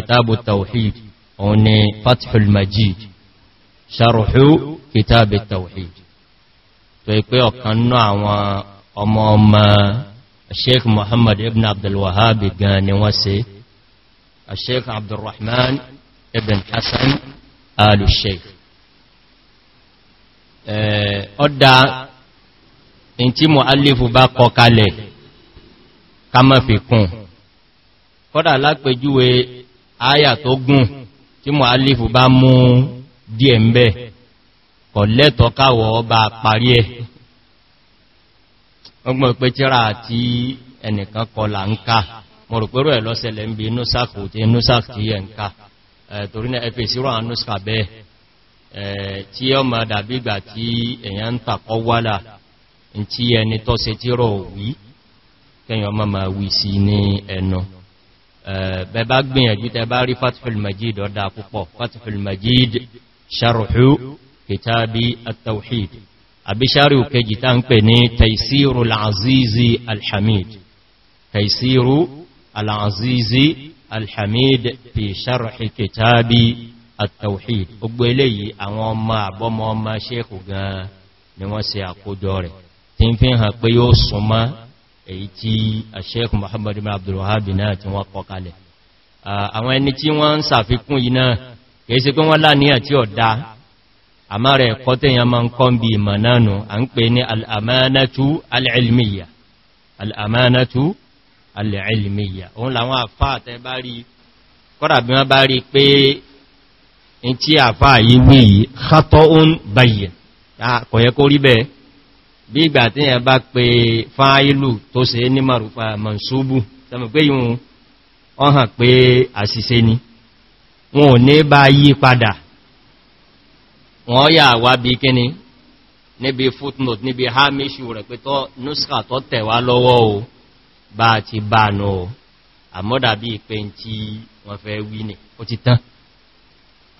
kitabu tawhid òun ni fathul majid ṣarùhú kitabu tawhid tó ipé ọ̀kan náà àwọn ọmọ ọmọ sheikh muhammad ibn abdulwahab gan ni wọ́n se sheikh abdulrahman ibn hassan al-sheikh ọ̀dá in tí mo alifu bá kọ kalẹ̀ ká má fi kún kọ́dà lápẹjúwe aya tó gùn tí mọ̀ alífù bá mú díẹ̀ ń bẹ́ kọ̀ lẹ́tọ̀ káwọ̀ parí ẹ̀ ọgbọ̀n pé tíra àti ẹnìkan kọ ń ká mọ̀rùpẹ̀rọ ẹ̀ lọ́sẹ̀lẹ̀ ń bí nusakù tí nusakù tí yẹ ń ká ma ma Eh, bẹba gbìyànjú tẹ bá rí fatihul majid ọ̀dá púpọ̀ fatihul majid ṣarùhú kìtàbí at-tawhid àbí ṣarù kejì ta ń pè ní taisiru al'azizi alhamid taisiru al'azizi alhamid fi ṣarùhí kìtàbí at-tawhid gbogbo eléyìí àwọn ọmọ àbọ́mọ ọmọ ṣékù gan ni wọ́n ṣe àkójọ rẹ̀ tí ń fi hàn pé yóò súnmọ́ èyí tí Sheikh Muhammad ibn Abdul Wahhab náà tí wọ́n kọ kalẹ̀ àwọn ẹni tí wọ́n ń sàfikún yìí náà kìí sí pé wọ́n láníyàn tí ó dá àmá rẹ̀ kọ́tẹ̀yàn ma ń kọ́ bí ìmọ̀ náà nù à ń pè ní al-amanatu al-ilmiyya al-amanatu al-ilmiyya òun làwọn àfáà tẹ́ bá rí kọ́dà bí wọ́n bá rí pé in tí àfáà yìí wí yìí khata'un bayyin kò yẹ kó rí bẹ́ẹ̀ bí ìgbà tí yẹn bá pe fáìlù tó ṣe ní marufa mansubu tẹ́mọ̀ pé yíò wọ́n hàn pé àṣìṣe ni wọn ò ní bá yí padà wọ́n yà wá bí kíni níbi footnote níbi hamishu rẹ̀ pé tọ́ nuska tọ́ tẹ̀wá lọ́wọ́ o bá ti bá nù o àmọ́dà bí ìpé tí wọ́n fẹ́ wí ní ó ti tán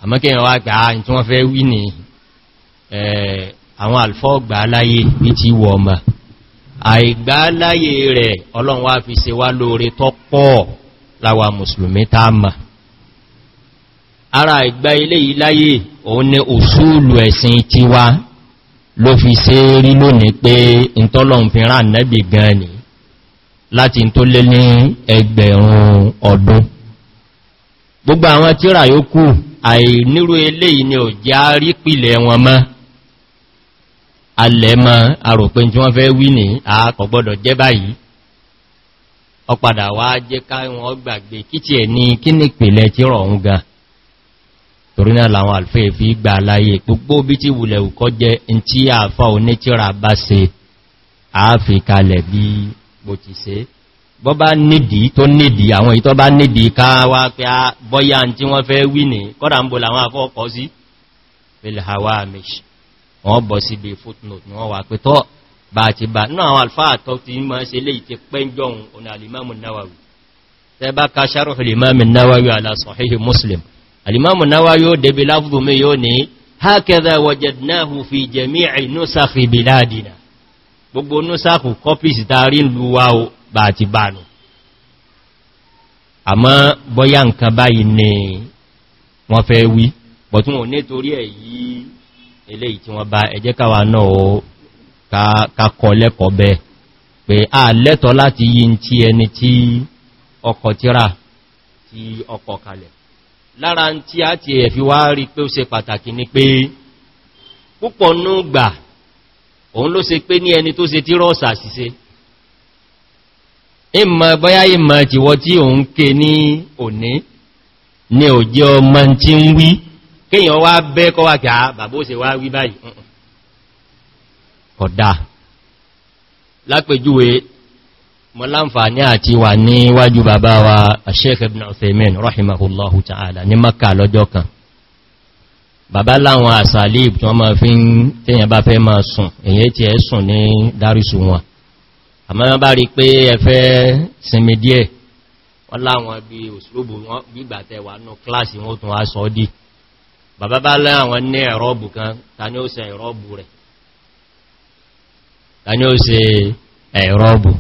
àmọ́kẹ́ wọ́n wá gbà àwọn alfọ́gbà aláyé bí ti wọ ọmọ àìgbà aláyé rẹ̀ ọlọ́run wá fi se wá lóore tọ́ pọ̀ láwa mùsùlùmí táàmà ara ìgbà ilé iláyé òun ni òṣùlù ẹ̀sìn tiwa ló fi ṣe rí lónìí pé ìtọ́lọ̀un fi rán nẹ́bì gan ni láti tó lé ní eléyìí ni ò já pìlẹ̀ wọn mọ́ alẹ́mọ́ aròpin tí wọ́n fẹ́ wí ní àkọ̀gbọ́dọ̀ jẹ́ báyìí ọpadà wá jẹ́ káwọn gbàgbé kí tí ẹ̀ ní kí ní ìpìlẹ̀ tí rọ̀ ń ga torí náà làwọn alfẹ́ fi gbà láyé gbogbo bí tí wùlẹ̀ ùkọ́ jẹ́ se àáfikalẹ̀ bí bó ti se bọ́ bá nídìí tó nídìí àwọn ìtọ́ bá nídìí ká wá pé a ah, bọ́yá wọ́n bọ̀ síbi footnote wọ́n wà pé tọ́ bá ti bá náà àwọn alfáà tọ́ ti máa ṣe lè ti pẹ́jọun ọ̀nà alìmáàmù náwàwí tẹ́ bá ká ṣarúhù alìmáàmù náwàwí ala àmọ́ bọ́yá nǹkan báyìí ni wọ́n fẹ́ wí bọ̀tún nítorí ẹ̀ eléyìí tí wọ́n bá ẹjẹ́ káwà náà kakọ lẹ́kọ̀ọ́ bẹ pé a lẹ́tọ̀ láti yí tí ẹni tí ọkọ̀ tíra tí ọkọ̀ kalẹ̀ lára tí a ti ẹ̀fi wá rí pé ó se pàtàkì ni pé púpọ̀ nú gbà òun ló ṣe pé ní ẹni tó ṣe tí rọ́ọ̀sà ṣiṣẹ́ ìmọ̀ bọ́yá ìmọ̀ tìwọ́ tí òun ké ní òní ni òjẹ́ ọmọ tí ń wí kíyàn wá bẹ́ kọ́ wà kí a bàbó ṣe wá wí báyìí kódà lápẹjúwe mọ́ láǹfààní àti wà níwájú bàbá wa Sheikh Ibn Uthaymin rahimahullahu ta'ala ní Makkah lọ́jọ́ kan bàbá láwọn àsàlìb tí wọ́n máa fi ń tẹ́yàn bá fẹ́ máa sùn èyí tí ẹ sùn ní dárísù wọn àmọ́ bá rí pé ẹfẹ́ sinmi díẹ̀ wọ́n láwọn bí òṣìlóbò wọn gbígbàtẹ̀wà náà kíláàsì wọn tún wá sọ́ọ́dì bàbá bá lẹ́ àwọn ní ẹ̀rọ́bù kan ta ni ó ṣe ẹ̀rọ́bù rẹ̀ ta ni ó ṣe ẹ̀rọ́bù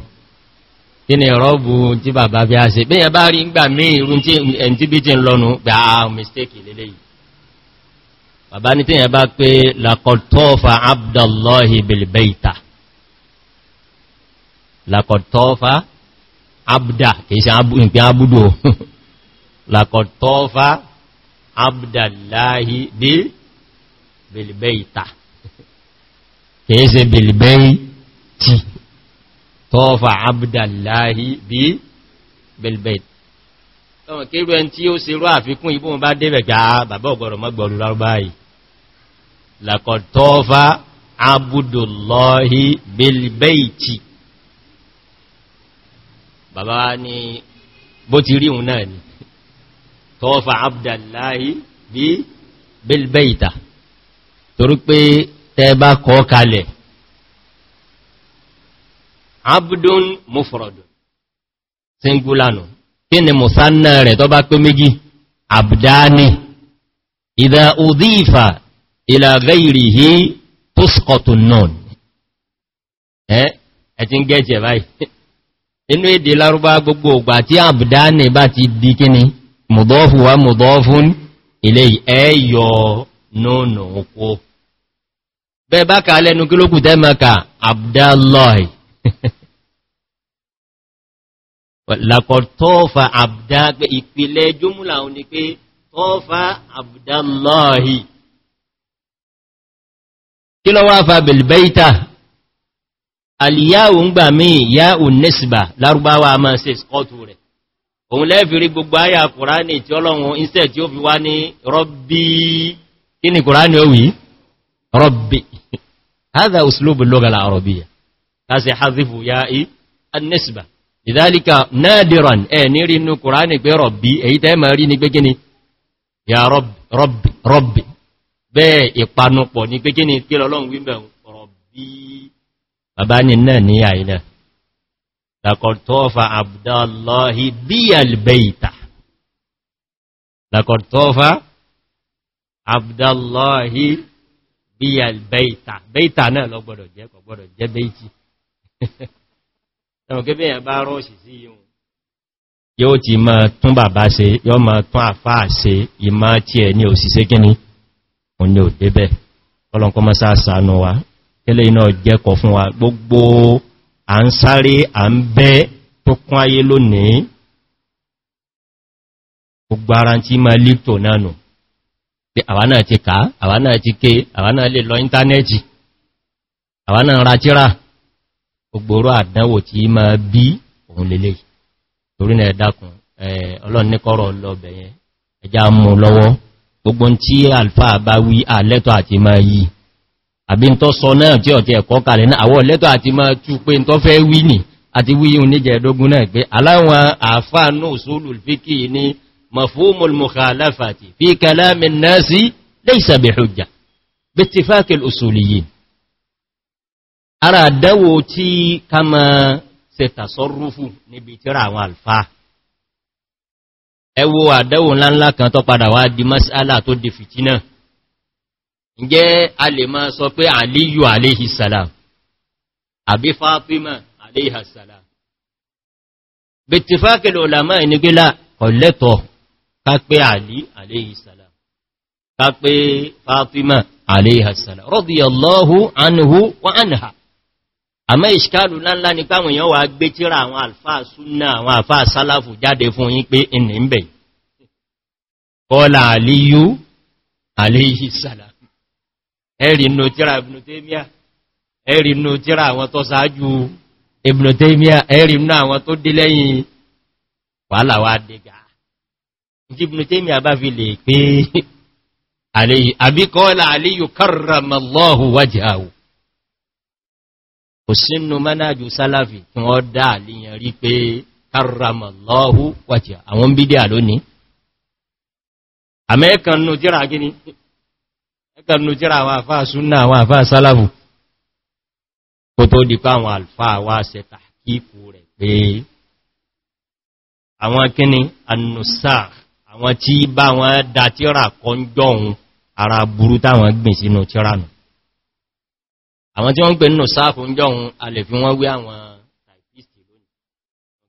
kí ni ẹ̀rọ́bù tí bàbá fi a ṣe bí yẹn bá rí ń gbà mí irun tí ẹ̀ntí ti ń lọ́nu abda lakọ̀tọ́fà abdallahi dé belibẹ́ ìta kìí ṣe belibẹ́ ìtì tọ́fà abdallahi bí belibẹ́ ìta ọmọ kéèrú ẹn tí ó ṣe rú àfikún ibùn bá débẹ̀ gbà ah, bàbá ọgbọ̀rọ̀ mọ́gbọ̀rọ̀ lárúbáyìí lakọ̀tọ́fà abúdùlọ́hí bilbeiti bàbá ní bó ti ríhun náà ni tọ́ọ̀fà abdullahi bí bilbeita torí pé tẹ́ẹ̀bá kọ́ kalẹ̀ abdun mufrod singulano kí ni musanna rẹ̀ tọ́ bá pé méjì abdani ìdá udífà ìlà gẹ́ìrìhí tuskotun náà ẹ́ ẹ̀ tí ń gẹ́ẹ̀tẹ̀ báyìí inú èdè lárúbá gbogbo ògbà tí abdani bá ti di kíni mùdọ́fù wá mùdọ́fún ilé ẹ̀yọ nónà oko bẹ́ bá ká lẹ́nu kí ló kù tẹ́maka abdullahi lakọ̀tọ́fà abdágbé ìpìlẹ̀ jùmúlà òní pé tọ́fà abdullahi kí lọ wá fa bilbaita aliyahu ń gbà mí yá ò nẹ́sìbà lárúbáwá máa ṣe skọ́tù rẹ̀ òun lẹ́fìrí gbogbo ayà kùránì tí ọlọ́run instead tí ó fi wá ní rọ́bí kí ni kùránì ó wí rọ́bí هذا أسلوب اللغة العربية هذا حذف ياء النسبة لذلك نادرا اي نيري انه قران بي ربي اي تي ما ري ني بي كيني يا رب رب رب بي ipanu po ni pe kini pe lakọ̀tọ́fà abdullahi bí albeita lakọ̀tọ́fà abdullahi bí albeita beita náà lọ gbọ́dọ̀ jẹ́ kò gbọ́dọ̀ jẹ́ beiti ẹ̀wọ̀n kébé yẹn bá rọ́ọ̀ṣì sí yíò yóò ti ma tún bàbá ṣe yóò ma tún àfáà ṣe ìmá tí ẹ ní òṣìṣẹ́ gíní òun ni ò débẹ̀ ọlọ́nkọ́ mọ́sáàsánú wa kẹ́lẹ̀ iná jẹ́kọ̀ fún wa gbogbo à ń sáré à ń bẹ́ tó kún ayé lónìí gbogbo ara tí ma líptò náà nù pé àwa náà ti ká àwa náà ti ké àwa náà lè lọ íńtánẹ́ẹ̀tì àwa náà ra tíra gbogboro àdánwò tí ma bí òun lélẹ̀ torí náà ẹ̀dàkùn ọlọ́nìkọ́rọ̀ lọ́bẹ̀yẹn ẹjá mú lọ́wọ́ gbogbo tí alfa bá wí àlẹ́tọ̀ àti ma yìí àbí tó sọ náà tí ọ̀tí ẹ̀kọ́ kalẹ̀ náà àwọ̀ lẹ́tọ̀ àti máa tú pé tó fẹ́ wí nì àti wíyún ní jẹ́ẹ̀dógún náà pé aláwọn àfáà náà sólù fíkì ní mafhumul mukhalafati fi kalamin nasi laysa bi hujja bi ittifaqil usuliyyin ara àdánwò tí ká máa ǹjẹ́ a lè máa sọ pé àlíyù aléhìsàlám àbí fátímà aléhìsàlám bí ti fákìlò olàmá ìnigbélà ọ̀lẹ́tọ̀ ká pé àlí aléhìsàlám ká pé fátímà aléhìsàlám radiyallahu anhu wa anha àmọ́ ìṣkálù láńlá ni káwọn èèyàn wà gbé tíra àwọn alfáà súnnà àwọn alfáà sálàfù jáde ẹ̀rì inú tíra Ibn Taymiyyah ẹ̀rì inú tíra àwọn tó sáájú Ibn Taymiyyah ẹ̀rì inú àwọn tó dé lẹ́yìn wàhálà wa dégà Ibn Taymiyyah bá fi lè pé àbíkọ́ọ́lá Aliyu karramallahu wajhahu kò sínú manájú sálàfì kí wọ́n dá àlìyàn rí pé karramallahu wajhahu àwọn kanú jíra àwọn àfáà súnnà àwọn àfáà sálàfù kò tó dìpá àwọn àlfáà wá ṣe tàkíkù rẹ̀ pé àwọn kíni annusa àwọn tí bá wọn dá tíra kọjọ́ ohun ara burú táwọn gbìn sínú tíra nù àwọn tí wọ́n ń pè sáàfù ń jọun a lè fi wọ́n wé àwọn tàìpìsì lónìí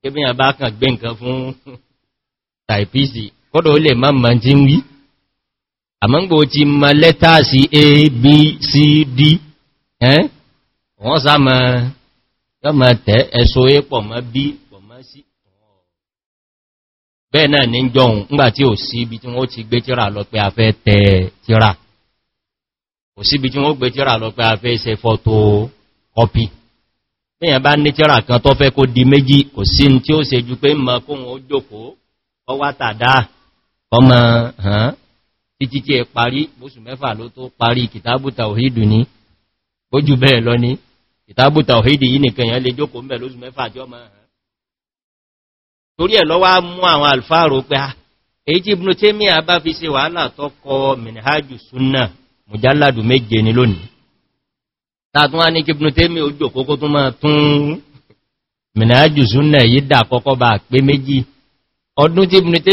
kébìyàn bá kàn gbé nǹkan fún tàìpìsì kọ́dọ̀ ó lè má mọ̀ àmọ́gbò ti mọ lẹ́tàsí a b c d ẹ́n wọ́n sá mọ́ ma tẹ́ ẹ̀ṣọ́ a pọ̀ mọ́ b pọ̀ ma sí bẹ́ẹ̀ náà ní jọun ńgbà tí ò sí ibi tí wọ́n ti gbé tíra lọ pé a fẹ́ tẹ tíra ò sí ibi tí wọ́n gbé tíra lọ pé a fẹ́ ṣe fọ́tò kọpí bá ní tíra kan tó fẹ́ méjì kò sí tí ó ṣe ju pé mọ́ kóhun ó jókòó ọmọ títí tí ẹ parí bóṣù mẹ́fà ló tó parí kìtàbù tàwíìdù ní bójú bẹ́ẹ̀ lọ ní kìtàbù tàwíìdù yìí nìkan èyàn lè jókòó mẹ́ lóṣù mẹ́fà jọ máa hàn torí ẹ̀ lọ́wọ́ mú àwọn alfáàrò pé ah, èyí tí ibùn tí mìí bá fi ṣe wàhálà tó kọ minhajù súnà mùjálàdù méje ni lónìí tàtún ọdún tí ibùn tí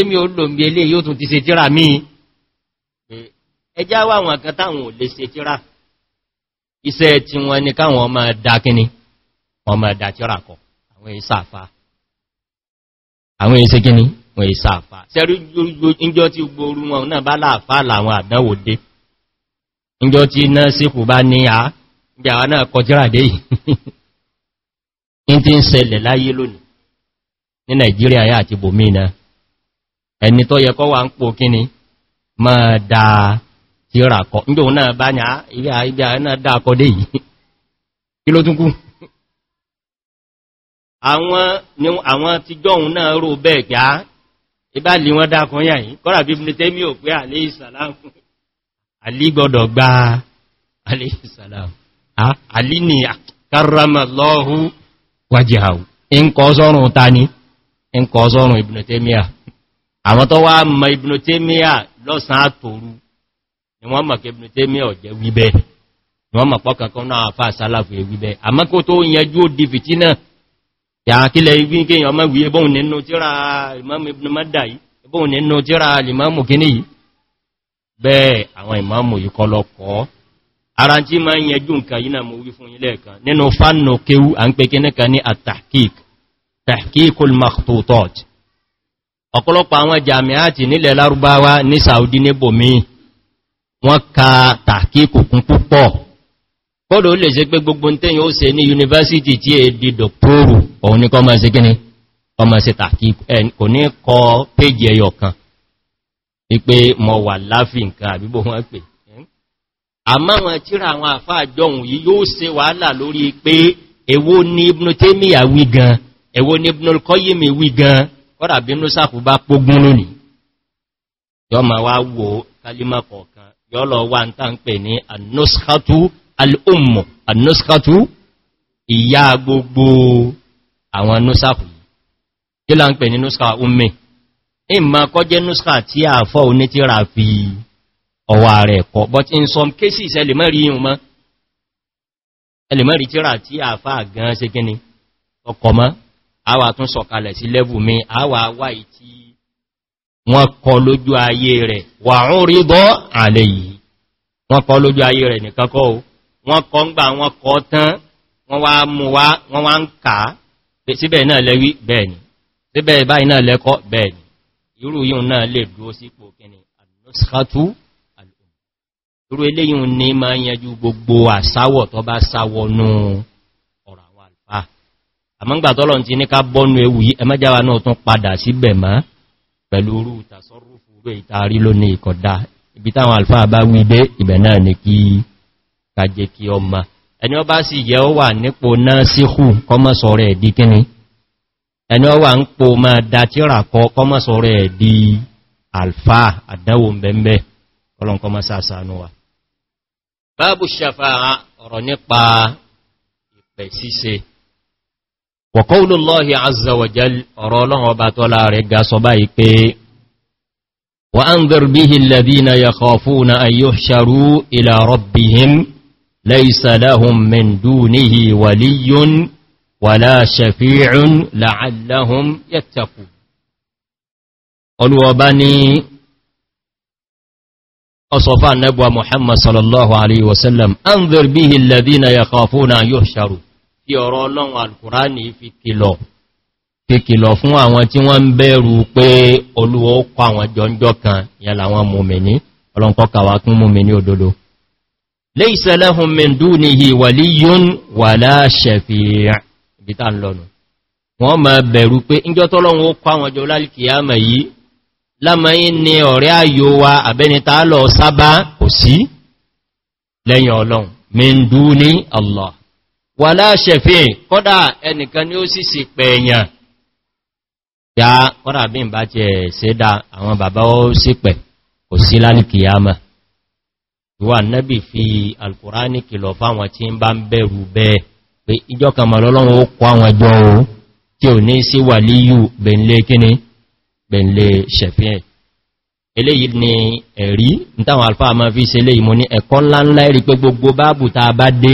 mìí ó lò ń eléyìí ó tún ti ṣe tíra míì ẹjá wà wọn kan táwọn ò lè ṣe tíra iṣẹ́ tí wọ́n ní káwọn ọmọ dákíní ọmọ ẹ̀dà tíra kọ àwọn ìsáàfà àwọn ìṣẹ́ kíní wọ́n ìsáàfà sẹ́rí ìjọ tí wọn náà bá láàfà làwọn àdánwò dé ìjọ tí náà síkù bá ní àá àwọn ẹni tó wà ń pò máa dáa ti ràkọ̀ ní òun náà bá nyà ibi náà dákọ̀ dé yìí kí ló àwọn ti jọun náà rò bẹ́ẹ̀ gbá ibá lè wọ́n yà yìí kọ́rà bí i tẹ́mí ò pé àlé ìsàlámù àlí gbọ́dọ̀ gba àlé ìsàlámù tani àwọn tó wá wọ́n mọ̀ kí Ibn Taymiyyah ọ̀jẹ́ wíbẹ̀ wọ́n mọ̀ pọ́kàn kan náà fà sálàfù wíbẹ̀ àmọ́ kó tó yẹjú ó di fìtínà yàá kílẹ̀ ibi kí ọmọ wí ẹbọ́n nínú tíra Imam Ibn Madda yìí ẹbọ́n nínú tíra limamu kíní yìí bẹ́ẹ̀ àwọn ìmáàmù yìí kọlọkọ́ ara tí ma ń yẹjú nǹkan yìí nílẹ̀ lárúbáwá ní Saudi níbòmíì wọ́n ka tàkíkò kún púpọ̀ kọ́dọ̀ ó lè ṣe pé gbogbo tẹ́yìn ó ṣe ní yunifásitì tí è di dọ̀pọ̀rù òun ní kọ́ máa ṣe kíní ọmọ ṣe tàkíkò kò ní kọ péjì ẹyọ kan wípé mọ̀ wà láfí nǹkan àbíbò wọ́n pè àmọ́ wọn tíra àwọn àfáà jọun yìí yóò ṣe wàhálà lórí pé èwo ní ibnu tẹ́míyà wí gan èwo ní ibnu kọ́yìmì wí gan kọ́dà bínú sàkúbá pógún lónìí yọ́ ma wá wo kálímà yọ́lọ̀ wà ń tàn pè ní annuskatu al'ummu annuskatu ìyá gbogbo àwọn nusaku kí la ń pè ní nuska umme in ma kọ́ jẹ́ nuska tí a fọ́ oní tí ra fi ọwà rẹ̀ kọ́ but in some cases ẹlẹ̀mẹ́rí yíò mọ́ ẹlẹ̀mẹ́rí tí ra tí a fà gan ṣe gíní ọkọ̀ mọ́ a wà tún sọ̀kalẹ̀ sí lẹ́bù mi a wà wà wọ́n kọ lójú ayé rẹ̀ wà ń rí bọ́ àlẹ́ yìí wọ́n kọ lójú ayé rẹ̀ nìkan kọ́ wọ́n kọ ń gbà wọ́n kọ tán wọ́n wá mú wá wọ́n wá ń kà á síbẹ̀ náà lẹ́wí bẹ́ẹ̀ni síbẹ̀ báyìí náà lẹ́kọ́ bẹ́ẹ̀ni irú yíò náà lè dúró sípò kíni al-nuskhatu al pẹ̀lú orú ìtàsọ́rúfù rẹ̀ ìtàrí ló ní ìkọ̀dá ibi táwọn alfa bá wí dé ibẹ̀ náà ni kí kàjẹ kí ọmọ ẹni ọ bá sì yẹ ọ wà nípo náà síkù kọmọ́sọ rẹ̀ di kíni ẹni ọ wà ń po ma dá tíra kọ kọmọ́sọ di alfa àdánwò mbẹ̀mbẹ̀ kọlọ̀nkọmọ́sásánúwà وقول الله عز وجل رولان وباتولا رقا صبايك وأنذر به الذين يخافون أن يحشروا إلى ربهم ليس لهم من دونه ولي ولا شفيع لعلهم يتقون قلوا بني أصفى النبوة محمد صلى الله عليه وسلم أنذر به الذين يخافون أن يحشروا fi ọ̀rọ̀ ọlọ́run alkùránì fi kìlọ̀ fi kìlọ̀ fún àwọn tí wọ́n ń bẹ̀rù pé olúwa ó kọ àwọn jọnjọ́ kan yẹn làwọn mùmìní ọlọ́nkọ́kàwà kún mùmìní òdodo laysa lahum min dunihi waliyyun wala shafi' bíta lọ́nu wọ́n ma bẹ̀rù pé ìjọ́ tọ́lọ́run ó kọ àwọn jọ lálìkìyàmà yìí lámàáyín ni Allah wà láṣẹ̀fẹ́ kọ́dà ẹnìkan ni ó sì sì pẹ̀ẹ̀yàn ya kọ́dà bí n bá ti ẹ̀ ṣẹ́dá àwọn bàbá ó sì pẹ̀ kò sí lálìkìyàmà ìwà nẹ́bì fi alkùránì kìlọ̀ fáwọn tí ń bá ń bẹ̀rù bẹ́ẹ̀ pé ìjọ kan mọ̀ lọ́lọ́run ó kọ àwọn ẹjọ́ o tí ò ní sí wà líyù eléyìí ni ẹ̀rí ní táwọn alfáà máa fi ṣe eléyìí mo ní ẹ̀kọ́ ńláńlá ẹ̀rí pé gbogbo báàbù ta bá dé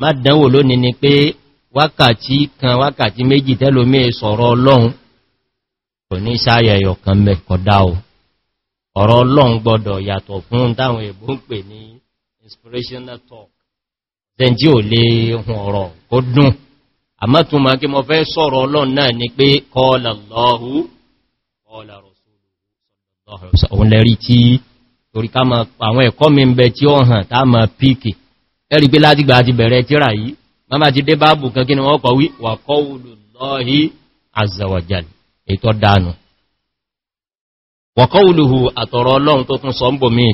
ma dánwò lónìí ni pé wákàtí kan wákàtí méjì tẹ́lómí sọ̀rọ̀ ọlọ́run kò ní sáyẹyọ kan mẹ́kọ̀dá o ọ̀rọ̀ ọlọ́run gbọdọ̀ yàtọ̀ fún táwọn èbó ń pè ní inspirational talk tẹ́njí ò lè hun ọ̀rọ̀ ẹ̀rí pé láti gbà àti bẹ̀rẹ̀ tíra yìí ma máa ti dé báàbù kan kí ni wọ́n kọ̀ wí wà qawlullahi azza wa jal ètò dánù wa qawluhu àtọ̀rọ̀ ọlọ́run tó tún sọ ń bò mí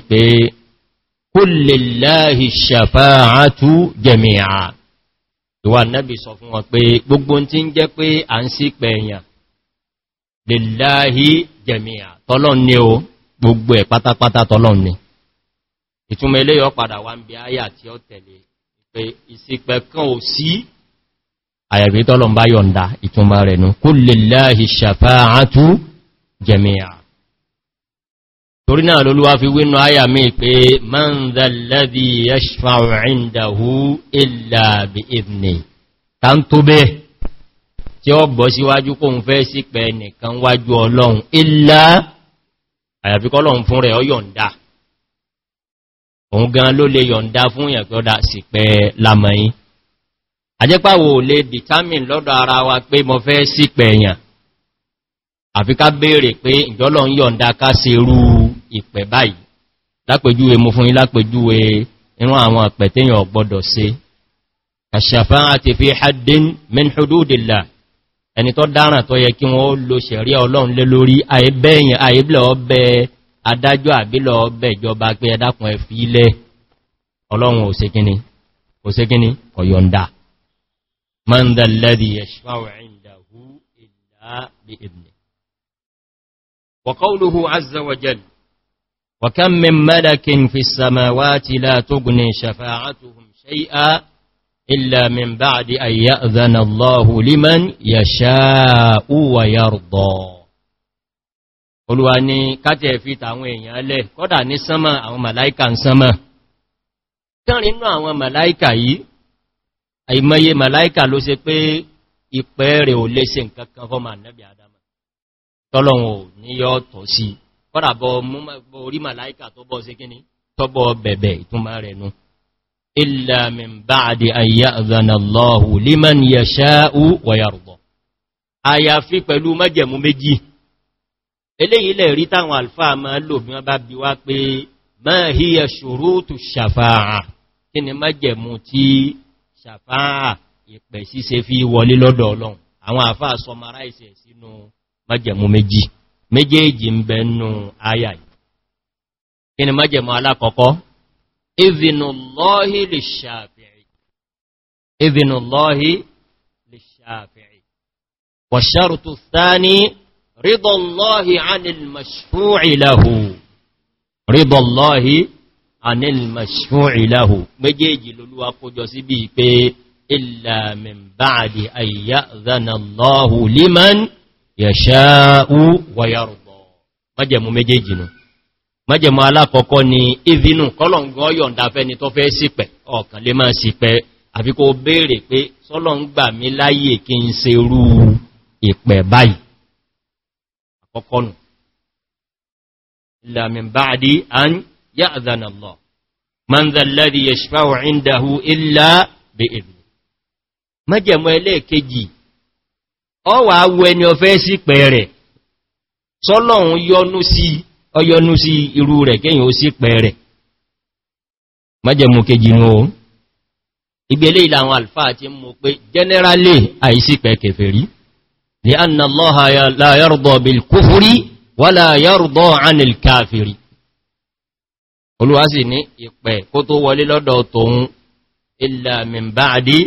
lillahi shafa'atu jami'a ni o gbogbo ẹ̀ pátápátá tọ́lọ́n ni ìtumọ̀ ilé yọ padà wá ń bí ayà tí ó tẹ̀lé pé ìsìpẹ̀ kan ò sí àyàbí tọ́lọ̀ bá yọ̀nda ìtumọ̀ rẹ̀ nù kulli lillahi shafa'atu jami'a torí náà lólúwá fi wínú ayà mí tí ó bọ́ síwájú kó ń fẹ́ sípẹ̀ nìkan wájú ọlọ́run illa àyàfikọ́lọ́run fún rẹ̀ ó yọ̀nda òun gan ló lè yọ̀ǹda fún ìyàgbọ́dá sì pẹ lamọ̀yí àjẹ́pàwò lè determine lọ́dọ̀ ara wa pé mo fẹ́ sí pẹ̀yàn àfi ká béèrè pé ìjọ́lọ̀ ń yọ̀ǹda ká ṣe rú ìpẹ̀ báyìí lápèjúwe mo fún yín lápèjúwe irun àwọn ìpẹ̀ téèyàn gbọ́dọ̀ ṣe ash-shafa'ati fi haddin min hududillah ẹni tó dáràn tó yẹ kí adájọ́ àbílọ̀ bẹ̀jọba pé ẹdákùn ẹ̀fì ilẹ̀ ọlọ́run òsèkíní òsèkíní ọ̀yọ̀ndà mọ́ndàlẹ́dì ẹ̀ṣfáwọ̀ إلا من بعد أن يأذن الله لمن يشاء ويرضى olúwa ni kájẹ̀ fi tàwọn èèyàn lẹ̀ kọ́dà ní sánmà àwọn màláìkà ń sánmà kẹrin inú àwọn màláìkà yìí àìmọye màláìkà ló ṣe pé ìpẹ́ rẹ̀ ò lè ṣe nǹkan kan fọ́mà nẹ́bí adama tọ́lọ̀wọ̀n ò ní yọ́ tọ̀ sí kọ́dà bọ orí màláìkà tó bọ́ sí kíní eléyìí lè rí táwọn alfáà ma lò bí wọ́n bá bí wá pé ma hiya ṣurutu ṣàfáà kí ni má jẹ̀mú tí ṣàfáà ìpẹ̀ síse fi wọlé lọ́dọ̀ ọlọ́run àwọn àfáà sọmara ìsẹ̀ sínú má jẹ̀mú méjì méjèèjì ń bẹ nù ayà kí ni rídọ̀lọ́hì anìlmàṣúrìláhù rídọ̀lọ́hì anìlmàṣúrìláhù méjèèjì lolúwa kójọ sí bí pé ìlàmìbáàdì àyíyá zanàlọ́hù liman yàṣáú wayarùbọ̀ májẹ̀mú méjèèjì nù májẹ̀mú alákọ̀ọ́kọ́ ni ìvinú kọ́lọ̀ngọ́ yọ̀ndafẹ́ ni tó fẹ́ sípẹ̀ ọ̀kan lè máa sípẹ̀ àfikò béèrè pé sọ́lọ̀ ń gbà mí láyè kí n ṣe rú ìpẹ̀ báyìí ọkọ̀nù illa min ba'di an ya'dhana Allah man dha alladhi yashfa'u 'indahu illa bi'idhni mẹ́jẹ̀mọ́ ẹlẹ́ẹ̀kejì ọ wà wo ẹni ọfẹ́ sí pẹ̀ẹ̀rẹ̀ sọ́lọ́run yọnú sí ọyọnú sí irú rẹ̀ kéyàn ó sí pẹ̀ẹ̀rẹ̀ لأن الله لا يرضى بالكفر ولا يرضى عن الكافر Olúwa sì ní ìpẹ̀ kó tó wọlé lọ́dọ̀ tòun illa min ba'di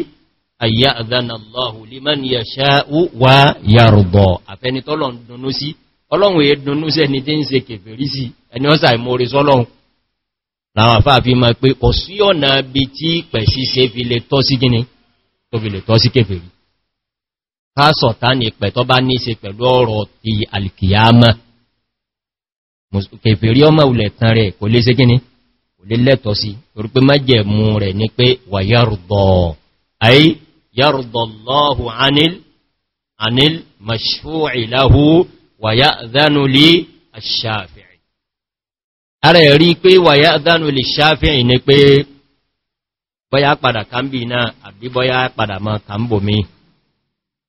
an ya'dhana liman yasha'u wa yarda. Àfẹ́ni tọ́lọ̀ ń dunnú ọlọ́run èé dunnú sí ẹni tí ń ṣe kèfèrí sí, ẹni ọ́sà ìmórí sọ́lọ́run. Láwọn àfáà fi máa pé kò sí ọ̀nà bí tí pẹ̀ sí ṣe fi lè tọ́ sí gíní, tó fi lè tọ́ sí kèfèrí káàsọ̀tá ní ìpẹ̀ tó bá ní ṣe pẹ̀lú ọ̀rọ̀ ti alìkìyàmá kèfèrí ọmọ ulẹ̀ tán rẹ̀ kò lè ṣe gíní kò lè lẹ́tọ̀ sí torí pé májẹ̀mú rẹ̀ ní pé wà yárùdọ̀ ay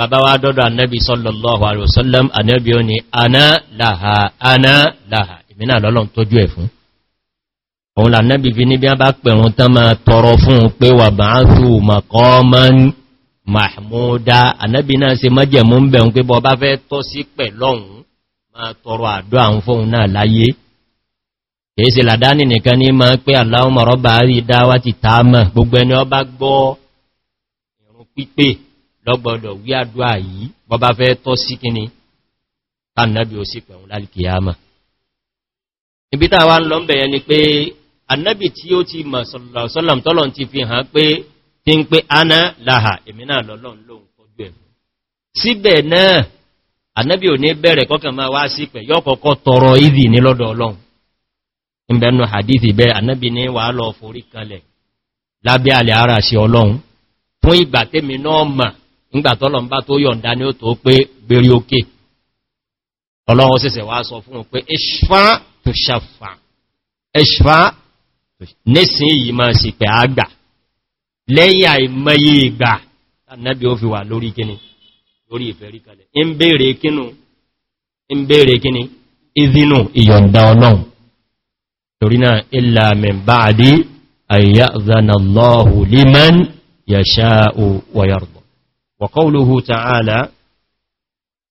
bàbá wá dọ́dọ̀ annabi sallallahu alaihi wasallam annabi o ni ana laha ana laha ìmìnà lọ́lọ́n tójú ẹ̀ fún òun là annabi fi níbi a bá pẹ̀rún tán ma tọrọ fún pé wà ba'athu maqaman mahmuda annabi náà ṣe májẹ̀mú ń bẹ̀rún pé bọ́ bá fẹ́ tọ́ sí pẹ̀ lọ́hun pípé lọ́gbọ̀dọ̀ wí àdúà yìí bọ́bá fẹ́ tọ́ sí kíní tánàbí ó sì pẹ̀hún lálìkìyàmà ibi tàà wá ń lọ bẹ̀yẹ ni pé annabi tí ó ti mọ̀ sọ́lọ̀m tọ́lọ̀n ti fi hàn pé tí ń pé ana láhà èmi náà lọ́lọ́n lóhun kọjú ẹ̀ síbẹ̀ náà annabi ò ní bẹ̀rẹ̀ kọ́kàn máa wá sí pẹ̀ yọ́kọ̀ọ́kọ́ tọrọ ìdì ní lọ́dọ̀ ọlọ́run ìbẹ̀nu hadithi bẹ́ annabi ní wà lọ forí fún ìgbà tẹ́mi náà mà ńgbàtọ́lọ̀ ń bá tó yọ̀nda ní ó tó pé gbèrè òkè ọlọ́run sẹ́sẹ̀ wá sọ fún un pé ẹṣfà tó ṣàfà ẹṣfà nísìn yìí máa sì pẹ̀ àgbà lẹ́yìn àìmọye ìgbà tàbí ó fi wà lórí kíni lórí ìfẹ̀rí kalẹ̀ ń bèèrè kínú ń وقوله تعالى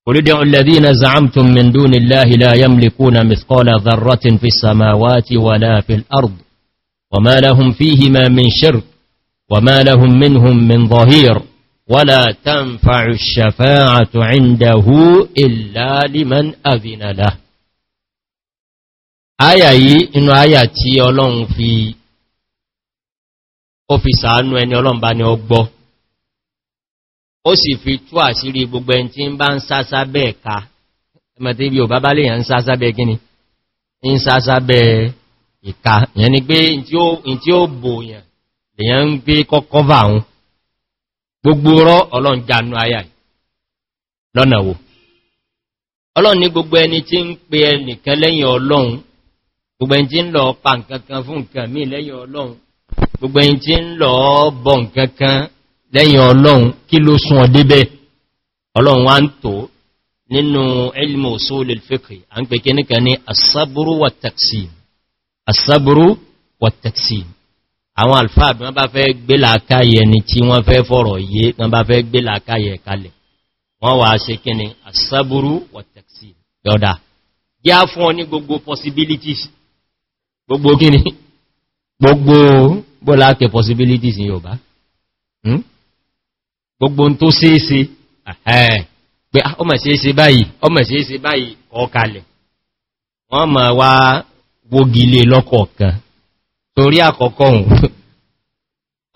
قل ادعوا الذين زعمتم من دون الله لا يملكون مثقال ذرة في السماوات ولا في الأرض وما لهم فيهما من شرك وما لهم منهم من ظهير ولا تنفع الشفاعة عنده إلا لمن أذن له آية إن آية تي أولون في أوفيس عنه أن أولون باني أبوه ó sì fi tú àṣírí gbogbo ẹn tí ń bá ń sásá bẹ́ẹ̀ ká ẹmọ̀tí ibi ò bá bá lè yàn ń sásá bẹ́ẹ̀ gíní ń sásá bẹ́ẹ̀ ìka yẹn ni pé tí ó bòyàn lèyàn ń gbé kọ́kọ́ bà ń gbogbo rọ́ ọlọ́njanu ayà lọ́nà wo ọlọ́run ní gbogbo ẹni tí ń pe ẹnìkan lẹ́yìn ọlọ́run gbogbo ẹni tí ń lọ pa nǹkan kan fún nǹkan míì lẹ́yìn ọlọ́run gbogbo ẹni tí ń lọ bọ nǹkan kan lẹ́yìn ọlọ́run kí ló sún ọdé bẹ́ ọlọ́run wá ń tó nínú ilmu usul al-fiqh a ń pè kí níka ní as-sabru wa at-taqsim as-sabru wa at-taqsim àwọn alfáà bí wọ́n bá fẹ́ gbé làákàyè ni tí wọ́n fẹ́ fọ̀rọ̀ yé wọ́n bá fẹ́ gbé làákàyè kalẹ̀ wọ́n wà ṣe kí ni as wa at yọ́dá jẹ́ fún ọ ní gbogbo possibilities gbogbo kí ni gbogbo bọ́lá kẹ possibilities ní Yorùbá hmm? gbogbo tó ṣeéṣe pé ọmọ ah, ṣeéṣe báyìí ọmọ ṣeéṣe báyìí ọkàlẹ̀ wọ́n ma wá wógilé lọ́kọ̀ọ̀kan torí àkọ́kọ́ hùn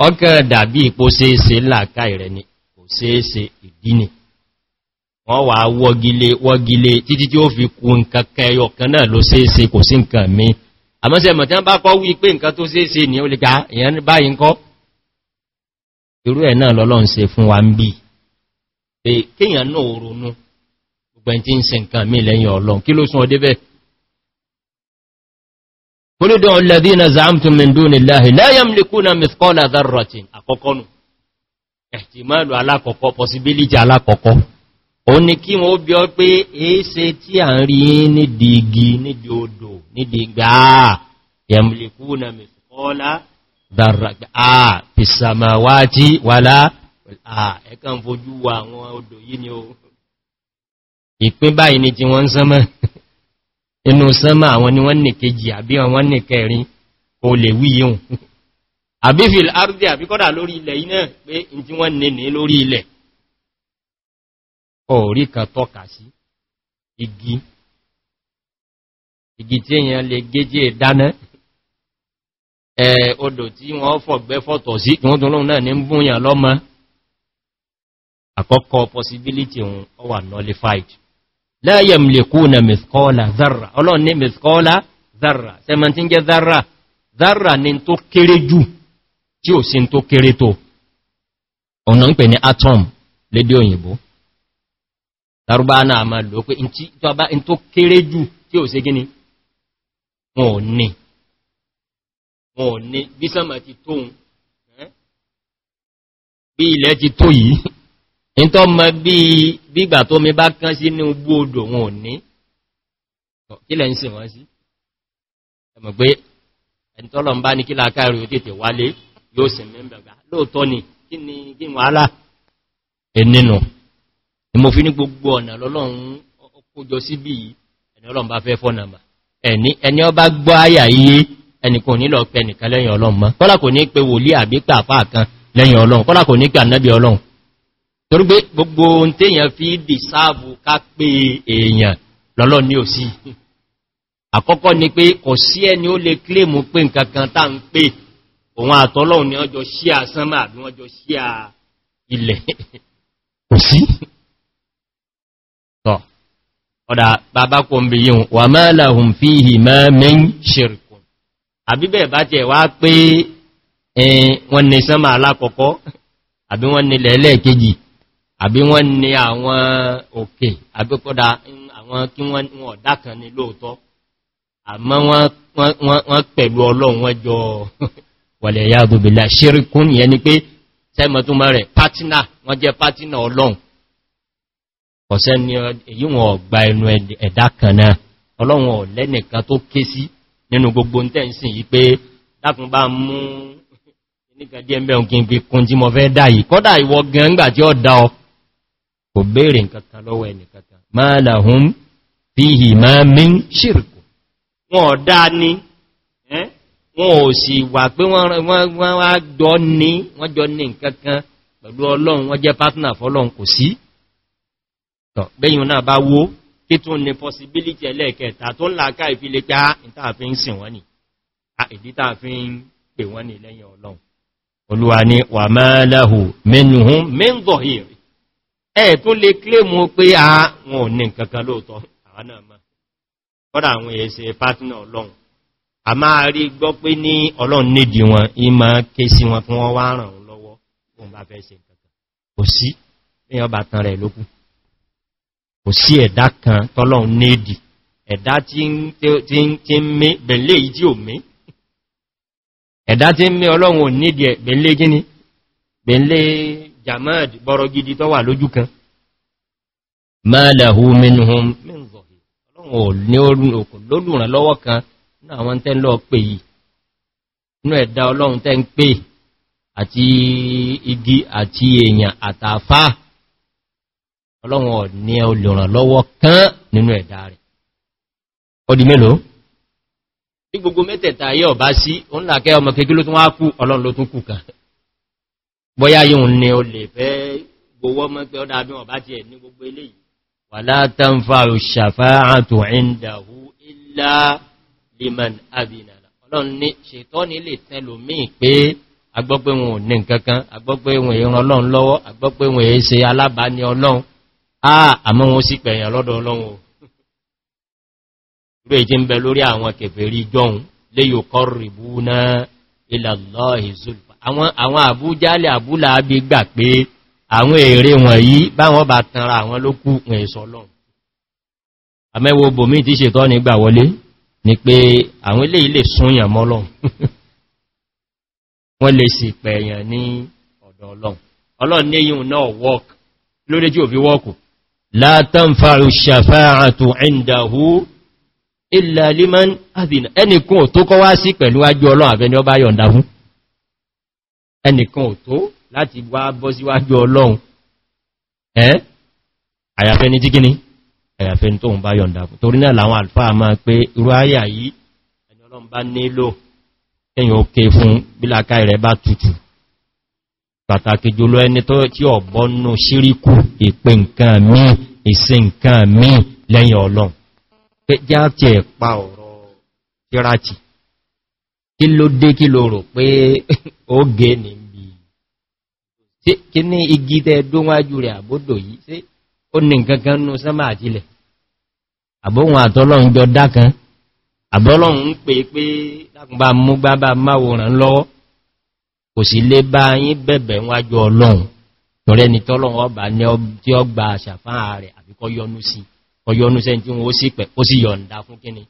ọkàn dàbí ipò ṣeéṣe láàká ìrẹ̀ ni kò ṣeéṣe ìdíni wọ́n wà wọ́gilé wọ́gilé títí tí ó fi kú nǹkan kẹyọ kan náà ló ṣeéṣe kò sí nǹkan mi àmọ́sẹ̀mọ̀ tí wọ́n bá kọ́ wí pé nǹkan tó ṣeéṣe ni ó lè ká ah, ìyẹn báyìí ń kọ́ irú ẹ̀ náà lọ́lọ́n ṣe fún wa ń bí pé kíyàn náà ronú gbogbo tí ń ṣe nǹkan mí lẹ́yìn ọlọ́n kí ló sún ọdé bẹ́ kúlùdọ̀ alladhina za'amtum min dunillahi la yamlikuna mithqala dharratin àkọ́kọ́nù dáràgbà àà pìsàmàwájí wàlá àà ẹ̀kan fojú wa àwọn odò yìí ni o ìpín báyìí ni tí wọ́n sánmà inú sánmà àwọn ni wọ́n nìkejì àbí wọ́n nìkẹrin o lè wí yíò àbí fil ardi àbí kọ́dà lórí ilẹ̀ iná pé in tí wọ́n ní ní lórí ilẹ̀ igi igi tí èèyàn lè géjì ìdáná odò tí wọ́n fọ̀gbẹ́ fọ́tọ̀ sí kí wọ́n tó lóun náà ní ń búnyàn lọ́mọ àkọ́kọ́ possibility òun ó wà nullified la yamlikuna mithqala dharra ọlọ́run ní mithqala dharra sẹ́mọ̀tí ń jẹ́ zara dharra ni tó kéré jù tí ò sí tó kéré tó ọ̀nà ń pè ní atom lédè òyìnbó Lárúbá náà máa lò pé in tó kéré jù tí ò sí gíní wọn ò ní wọn ni ní bí sánmà ti tóun bí ilẹ̀ ti tó yìí ní tó mọ bí gbígbà tó mi bá kán sí ní ugbó odò wọn ò ní kílẹ̀ ń sìn wọ́n sí ẹmọ̀ pé ẹni tọ́lọ̀ ń bá ní kílá káàrí ó tètè wálé yóò sì mẹ́bẹ̀gbà lóòtọ́ ni kí ni kí wọ́n alá ẹnìnà mo fi ní gbogbo ọ̀nà lọ́lọ́run kójọ síbí ẹni ọlọ́run bá fẹ́ fọ́nàmà ẹni ọba gbọ́ àyà iye ẹnìkan ní lọ pẹ nìkan lẹ́yìn ọlọ́run mọ́ kọ́lá kò ní pé wòlí àbí pàápàá kan lẹ́yìn ọlọ́run kọ́lá kò ní pé ànábì ọlọ́run torí pé gbogbo ohun téèyàn fi dì sáàbù ká pé èèyàn lọ́lọ́ ní òsì àkọ́kọ́ ni pé kò sí ẹni ó lè kílèmù pé nǹkan kan tá ń pè òun àtọ́lọ́run ni ọjọ́ sí àsánmà àbí wọ́n jọ sí à ilẹ̀ kò sí tọ́ ọ̀dà bàbá kò ń bí yíò wà máa lahum fíhì máa min shirk àbíbẹ̀ bá ti ẹ̀wà pé wọ́n ni sánmà alákọ̀ọ́kọ́ àbí wọ́n ni lẹ́lẹ́ẹ̀kejì àbí wọ́n ni àwọn òkè àbíkọ́dá àwọn kí wọ́n ọ̀dá kan ní lóòtọ́ àmọ́ wọ́n pẹ̀lú ọlọ́run wọ́n jọ wàlẹ̀ ya gbogbo ṣíríkún yẹn ni pé sẹ́mọ̀túnmọ̀ ni èyí wọn ọ̀gbà ẹnu ẹ̀dá kan náà ọlọ́run ọ̀lẹ́nìkan tó ké sí nínú gbogbo tẹ́ǹsìn yìí pé dákùn bá mú nígbàdí ẹgbẹ́ òkín fi kún tí mọ̀ fẹ́ dá yìí kọ́dà ìwọ gan ńgbà tí ó dá ọ kò béèrè nǹkankan lọ́wọ́ ẹnìkankan ma lahum fihi ma min shirku wọn ò dá ní wọn ò sì wà pé wọ́n wá jọ ní wọ́n jọ ní nǹkankan kí tún possibility ẹlẹ́ẹ̀kẹta tó ń làákà ìfilé pé á ah, ìtààfin ń sìn wọ́n ni ah, ìdítààfin ń pè wọ́n ni lẹ́yìn ọlọ́run olúwa ni wà máa láhù mẹ́nuhun mẹ́ngọ̀ ìrì ẹ̀ tún lè kílèmù pé a ah, wọn ò ní kankan lóòtọ́ àwọn náà máa kọ́dà àwọn èsẹ̀ pátínà ọlọ́run a máa rí gbọ́ pé ní ọlọ́run nídi wọn ìmá ké sí wọn fún wọn kò sí ẹ̀dá kan tọ́lọ́un néèdì ẹ̀dá tí ń mé bẹ̀lẹ̀ yìí tí ò mé ẹ̀dá tí ń mé ọlọ́run ò nídìí bẹ̀lẹ̀ gíní bẹ̀lẹ̀ jamad bọ́rọ̀ gidi tọ́wà lójú kan mẹ́lẹ̀hú minhum ọlọ́run ò ní ọlọ́run ọ̀ní olùrànlọ́wọ́ kán nínú ẹ̀dà rẹ̀ ọdí mélòó ní gbogbo mẹ́tẹ̀ẹ̀ta ayé ọ̀bá sí òun làkẹ́ ọmọ kegí ló tún wá kú ọlọ́run ló tún kù kàn bọ́yá yíò ní o lè fẹ́ gbowó mọ́ pé ọdá ti ẹ̀ ní gbogbo eléyìí wala ò ní nǹkankan agbọ́pẹ́ èèyàn ọlọ́run lọ́wọ́ agbọ́pẹ́ èèyàn ṣe alábàání ọlọ́run àmọ́ wọn sí pẹ̀yàn lọ́dọ̀ ọlọ́run o gbé ìdí ń bẹ lórí àwọn kèfèrí jọun lè yóò kọ́ rìbú náà ilàlọ́hì zulfa àwọn àbújálẹ̀ àbúlà bí gbà pé àwọn èrè wọn yìí báwọn bá tanra àwọn lókù ẹ̀sọ́lọ́run ni pé àwọn ilé ilé súnyàn mọ́lọ́n wọ́n lè sì pẹ̀yàn ní ọ̀dọ̀ ọlọ́run ọlọ́run ní yíò náà wọ́k lórí tí ò fi wọ́kù la tanfa'u shafa'atu 'indahu illa liman adina ẹnìkan ò tó kọ́ wá sí pẹ̀lú ajú Ọlọ́run àfẹ́ni ọba yọ̀nda fún ẹnìkan ò tó láti wá bọ́ síwájú Ọlọ́run ẹ́ àyàfẹ́ni tí kíní àyàfẹ́ni tó ń bá yọ̀nda fún torí náà làwọn àlfà máa pé irú ayà yìí ẹni Ọlọ́run bá nílò kẹ́yìn ó ké fún bílàkà rẹ̀ bá tutù pàtàkì jùlọ ẹni tó tí ọ bọ́nú síríkù ìpé nǹkan mí ìsìn nǹkan mí lẹ́yìn ọlọ́run pé já ti ẹ̀ pa ọ̀rọ̀ tíratì kí ló dé kí ló rò pé ó gé ní bí kí ní igi tẹ́ rẹ̀ àbódò yìí sí ó ní nǹkan nú sánmà àtílẹ̀ àbóhun àtọ́lọ́run jọ dákan àbọ́lọ́run ń pè pé dákùnbà máwòrán lọ́wọ́ kò sí lé bá yín bẹ̀bẹ̀ wájú ọlọ́run tọ́rẹ ni tọ́lọ́run ọba ní tí ó gba àṣàfáà rẹ̀ àbí kọ́ yọnú sí kọ́ yọnú sẹ́ tí wọ́n sì pẹ̀ ó sì yọ̀ǹda fún kíni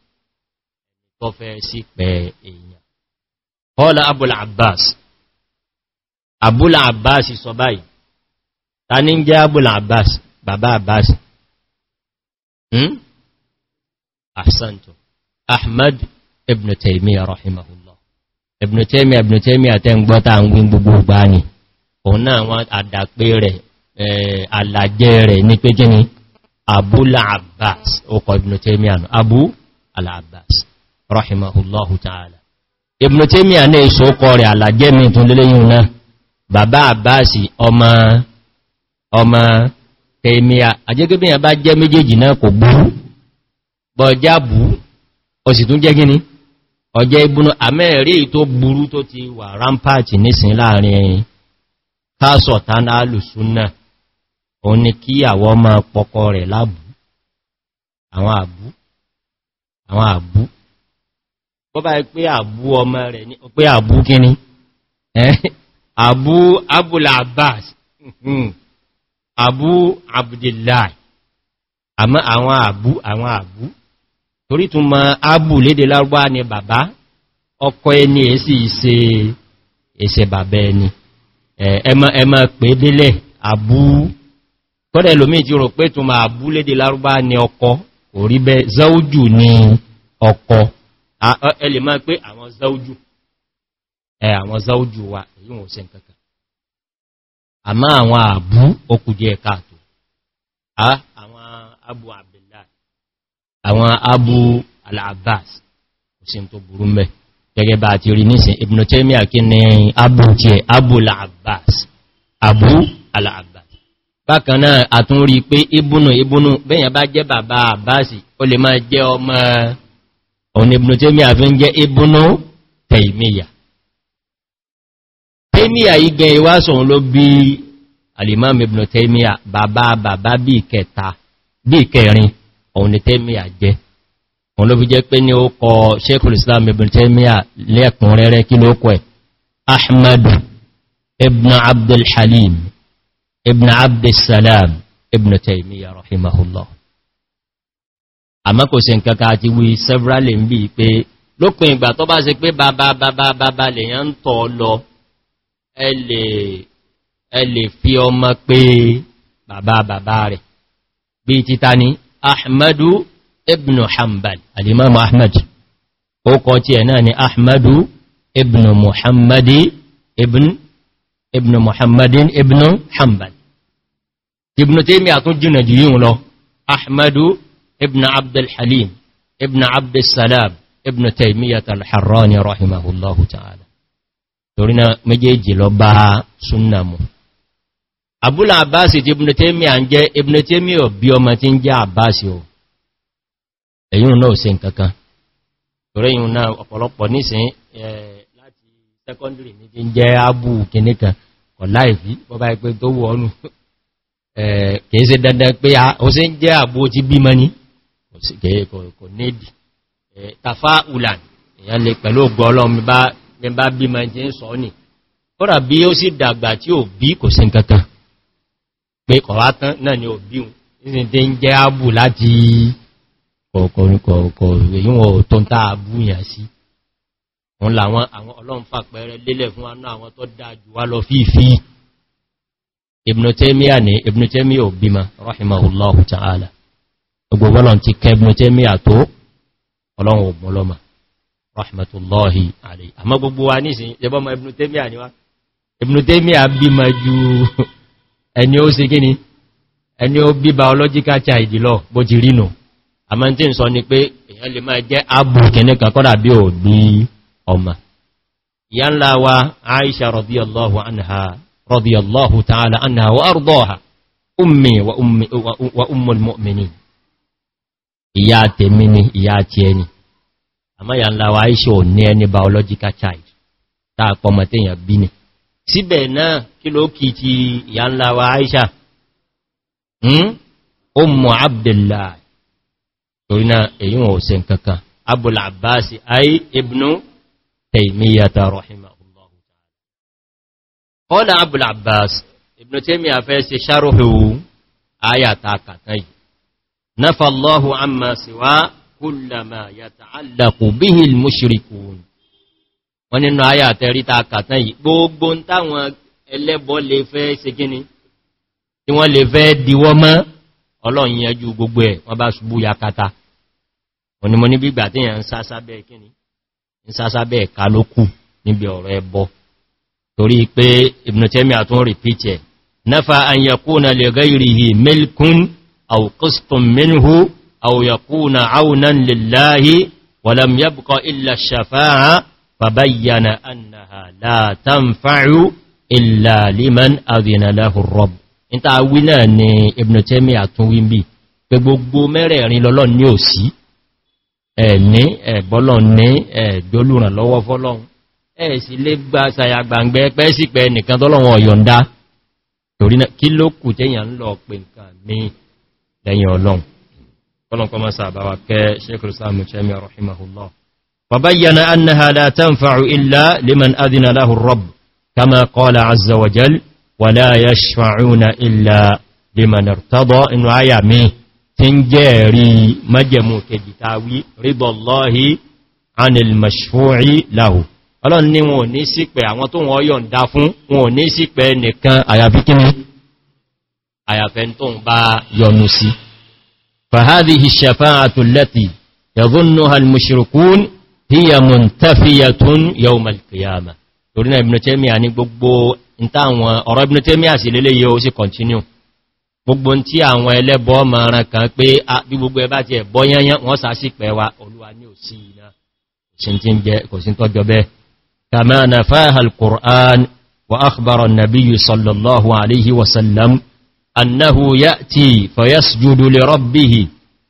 tó fẹ́ sí pẹ̀ èèyàn kọ́lá abúlà abbas sọ báyìí ta ní jẹ́ abúlà abbas bàbá abbas hmm? ahmad ibn taymiyyah rahimahullah ẹ̀bùnùtẹ́mì ẹ̀bùnùtẹ́mì àtẹ́gbọ́ta ń gbin gbogbo ọgbà ní òun náà wọ́n àdàpé rẹ̀ alàjẹ́ rẹ̀ ní pé jẹ́ ni abu al-abbas ọkọ̀ ẹ̀bùnùtẹ́mì ànà abu al-abbas rahimahullahu ta'ala ẹ̀bùnùtẹ́mì ànà èso ọkọ̀ rẹ̀ alàjẹ́ mi tún lélẹ́yìn náà bàbá abbas ọmọ ọmọ tẹ́míà àjẹ́gẹ́bìyàn bá jẹ́ méjèèjì náà kò burú bọ̀ jábù ọjẹ́ ibùnú àmẹ́rí tó burú tó ti wà rampart nísìn láàrin ẹ̀yìn tásọ̀tá náà lùsúnà òun ni kí àwọ ọmọ pọkọ rẹ̀ lábú àwọn àbú àwọn àbú bọ́bá pé àbú ọmọ rẹ̀ ní pé àbú kíní àbú abúl abbas hmm. àbú abdullahi àmọ́ àwọn àbú àwọn àbú torí tún ma ábù lédè lárúbá ní bàbá ọkọ ẹni èsì ìse èsè bàbá ẹni ẹmọ pé délẹ̀ àbú kọ́dẹ̀ lómi ti rò pé tún ma àbú lédè lárúbá ní ọkọ orí bẹ́ záójù ní ọkọ ẹlẹ̀ máa pé àwọn záójù ẹ àwọn záójù wa èyí wọ́n ṣe nǹkankan àmá àwọn àbú okùdí ẹ̀ka àtò àwọn àbú àbú àwọn abu al-abbas kò sí tó burú mẹ́ gẹ́gẹ́ bá ti rí nísìn ibn taymiya kí ni abu ti ẹ̀ abu al-abbas abu al-abbas bákan náà àtún rí pé ibùnù ibùnù bẹ́yàn bá jẹ́ bàbá abbas ó lè máa jẹ́ ọmọ òun ibn taymiya fi ń jẹ́ ibùnù taymiya taymiya bí kẹrin òun ni tẹ́míà jẹ́ òun ló fi jẹ́ pé ní ó kọ sheikul islam ibn tẹ́míà lẹ́kùn rẹ́rẹ́ kí ló kọ ẹ̀ ahmadu ibn abdul halim ibn abdul salam ibn tẹ́míà rahimahullah àmọ́ kò se nǹkan káàkiri wí several ń bí pé lópin ìgbà tó bá ṣe pé bàbá bàbá bàbá lè yán tọ́ lọ ẹ lè fi ọmọ pé bàbá rẹ̀ bí títà ní ahmadu ibn hanbal alimamu ahmad ó kọ tí ẹ̀ náà ni ahmadu ibn muhammadi ibn ibn muhammadin ibn hanbal ibn taymi àtún jìnà jù yíò lọ ahmadu ibn abdulhalim ibn abdulsalam ibn taymiyyat al-harrani rahimahullahu ta'ala torí na méjèèjì lọ bá mu abúlà àbáṣì ti ibùn tẹ́mì à ń jẹ́ ibùn tẹ́mì ò bí ọmọ tí ń jẹ́ àbáṣì ò èyún náà ṣe nǹkankan torẹ́yìn náà ọ̀pọ̀lọpọ̀ nísìn láti secondary ní ti ń jẹ́ ábù kìníkan kọ̀ láìfí bọ́bá ẹgbẹ́ tó wọ́ ọ́nù kìí ṣe dandan pé ó ṣe ń sì dàgbà tí ò bí kò sí nǹkankan pé kọ̀wátán náà ni òbíun ìsìn tí ń jẹ́ ábù láti kọ̀ọ̀kọ̀ọ̀kọ̀ ìwọ̀n tó ń táa búyàn sí wọn làwọn àwọn ọlọ́run fàpẹẹrẹ lélẹ̀ fún aná àwọn tó dájú wá lọ fífí Ibn ta'ala gbogbo ọlọ́run ti kẹ Ibn rahmatullahi alayhi àmọ́ gbogbo wa nísìn ẹbọ́mọ Ibn Taymiyyah ni wá Ibn Taymiyyah ju ẹni ó ṣe gíní ẹni ó bí biological child lọ bó ti rínú àmọ́ tí ń sọ ni pé èyàn lè máa jẹ́ ààbò kìíní kàkọ́dà bí ò bí ọmọ ìyá ńlá wa Aisha radiyallahu anha radiyallahu ta'ala anha wa ardaha ummi wa ummi wa ummul mu'minin ìyá tèmi ni ìyá ti ẹni àmọ́ ìyá ńlá wa Aisha ò ní ẹni biological child táàpọ̀ mọ̀ tèèyàn bí ni síbẹ̀ náà kí ló kì ti ìyá ńlá wa Aisha hmm? Ummu Abdillah torí náà èyí wọn ò ṣe nǹkankan Abul Abbas ay ibnu Taymiyyata rahimahullahu ta'ala qala Abul Abbas ibnu Taymiyyah fẹ́ ṣe sharuhu ayata kàtàn yìí nafa Allahu amma siwa kullama yata'allaqu bihi al-mushrikun wọ́n nínú ayà àtẹríta kàtán yìí gbogbo ń táwọn ẹlẹ́bọ lè fẹ́ ṣe gíní tí wọ́n lè fẹ́ diwọ́ mọ́ ọlọ́run yanjú gbogbo ẹ̀ wọ́n bá ṣubú yakata onímọ̀ ní gbígbà tí yàn ń sásábẹ́ kíní ń sásábẹ́ ẹ̀ka ló kù níbi ọ̀rọ̀ ẹbọ torí pé Ibn Taymiyyah tún rìpítì ẹ̀ nafa an yakuna fàbáyàna أنها لا تنفع إلا لمن أذن له الرب. rabb níta wí náà ni Ibn Taymiyyah tún wí bí pé gbogbo mẹ́rẹ̀ẹ̀rin lọ́lọ́n ní òsí ẹ̀ní ẹ̀gbọ́lọ́n ní ẹ̀gbọ́lùràn lọ́wọ́ fọ́lọ́n ẹ̀ sì lè gba sàyàgbàǹgbẹ́ pẹ́ sí pẹ́ nìkan tọ́lọ́wọ́ ọ̀yọ̀ndá torí náà kí ló kù tẹ́yàn lọ pè nǹkan ní lẹ́yìn ọlọ́run فبين أنها لا تنفع إلا لمن أذن له الرب كما قال عز وجل ولا يشفعون إلا لمن ارتضى إن آيامي تنجيري مجمو كجتاوي رضا الله عن المشفوع له ọlọ́run ní wọn ò ní sí pẹ̀ àwọn tó wọ́n yọ̀ ń dá fún wọn ò ní sí pẹ̀ nìkan àyàfi kí àyàfẹ́ tó ń bá yọnu sí fàhádìí ṣẹ̀fà àtùlẹ́tì yàzúnnú halmushirikún hiya muntafiyatun yawmal qiyamah torí náà ibn taymiya ní gbogbo ìtàwọn ọ̀rọ̀ ibn taymiya sí lélé yóò sí continue gbogbo tí àwọn ẹlẹ́bọ ma ran kan pé bí gbogbo ẹbá ti ẹ̀bọ́ yányán wọ́n sá sí pẹ̀ wa olúwa ní òsí iná kò sí tọ́jọ bẹ́ kama nafaha al wa akhbara an-nabiyyu sallallahu alayhi wa sallam annahu ya'ti fayasjudu li rabbihi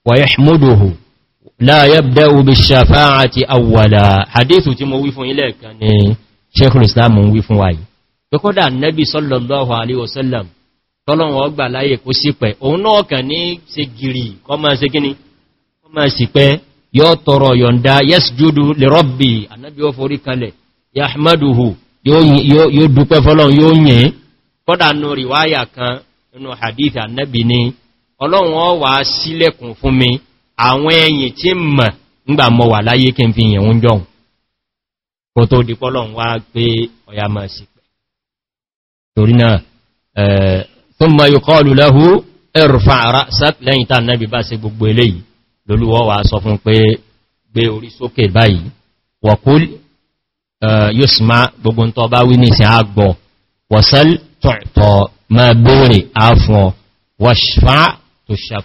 wa yahmaduhu la yabda'u bish-shafa'ati awwala hadithu tí mo wí fún ilẹ̀ kan ni Sheikhul Islam ń wí fún wa yìí pé kódà Nabi sallallahu alaihi wasallam tọ́lọ́wọ́ ọgbà láyé kó sípẹ̀ òun náà kàn ní ṣe gìrì kọ́ máa ṣe gíní kọ́ máa sì pẹ́ yóò tọrọ yọ̀nda yasjudu li rabbi Ànábì ó forí kalẹ̀ yahmaduhu yóò dúpẹ́ fọ́lọ́run yóò yìn kódà nù rìwáyà kan nínú hadith Ànábì ni Ọlọ́run ó wá ṣílẹ̀kùn fún mi àwọn ẹ̀yìn tí mọ̀ ńgbà mọ̀ wà láyé kí n fi yẹ̀ ń jọun kò tó di pọ́lọ̀ wá pé ọya mọ̀ sí pẹ̀ torí náà tó mọ̀ yóò kọlù lẹ́hu ẹrùfà ara sáp lẹ́yìn tàn náà bá se gbogbo eléyìí lólúwọ́ wà tọ̀tọ̀ mẹ́ bóòrè àfún tó ṣàf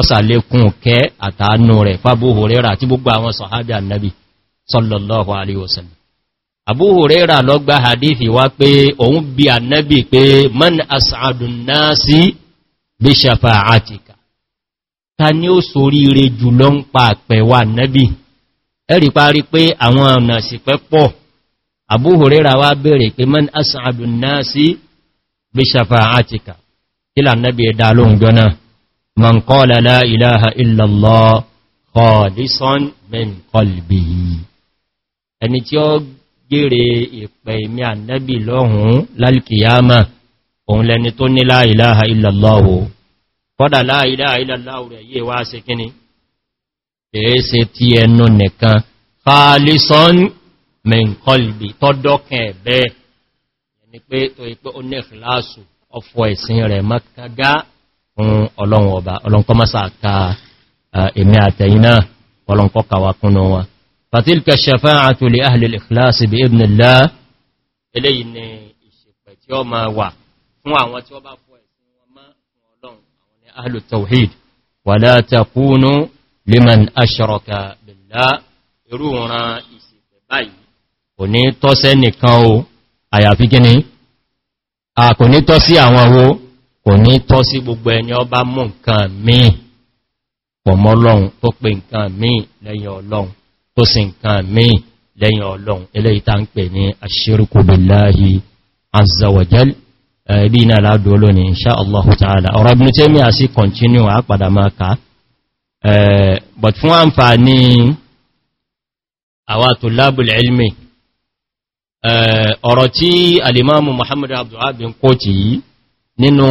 ọsàlékún kẹ́ àtàánú rẹ̀ fábúhò rẹ́rà tí gbogbo àwọn sọ̀hábí annabi sallallahu alaihi wasallam àbúhò rẹ́rà lọ́gbà hadithi wá pé òun bí annabi pé man as'adun nasi bí shafa'atika ta ni ó soríire jùlọ ń pa àpẹwà annabi ẹ̀rì parí pé àwọn ọ̀nà sípẹ́ pọ̀ àbúhò rẹ́rà wá bèèrè pé man as'adun من قال لا إله إلا الله خالصا من قلبه ẹni tí ó gèrè ìpẹ̀ ìmí ànẹ́bì lọ́hun lálìkìyàmà òun lẹni tó ní láìláha ìlàláwò kọ́dà láìláha ìlàláwò rẹ̀ yíè wá sí kíni èé se tí ẹnu nìkan khalisan mẹ́kọlbì tọ́dọ́kẹ̀ fún ọlọ́run ọba ọlọ́nkọ́ masá ka èmì àtẹ̀yìn náà ọlọ́nkọ́ kàwàkúnnà wọn fatilka shafa'atu li ahli al-ikhlas bi idhnillah eléyìí ni ìṣẹ̀pẹ̀ tí ó ma wà fún àwọn tí ó bá fọ́ ẹ̀sìn wọn mọ́ ọlọ́run àwọn ni ahlu tawhid wala takunu kò ní tọ́ sí gbogbo ẹni ọba mú nǹkan míì pọ̀mọ́ ọlọ́run tó pe nǹkan míì lẹ́yìn ọlọ́run tó sì nǹkan míì lẹ́yìn ọlọ́run eléyìí tá ń pè ní aṣíríkù billahi azza wa jal ẹbí iná aládò olóni insha Allah ta'ala ọ̀rọ̀ Ibn Taymiyyah sí continue a padà máa ká but fún àǹfààní àwa tulabul ilmi ọ̀rọ̀ tí alimamu Muhammad Abdul Wahhab kó yìí nínú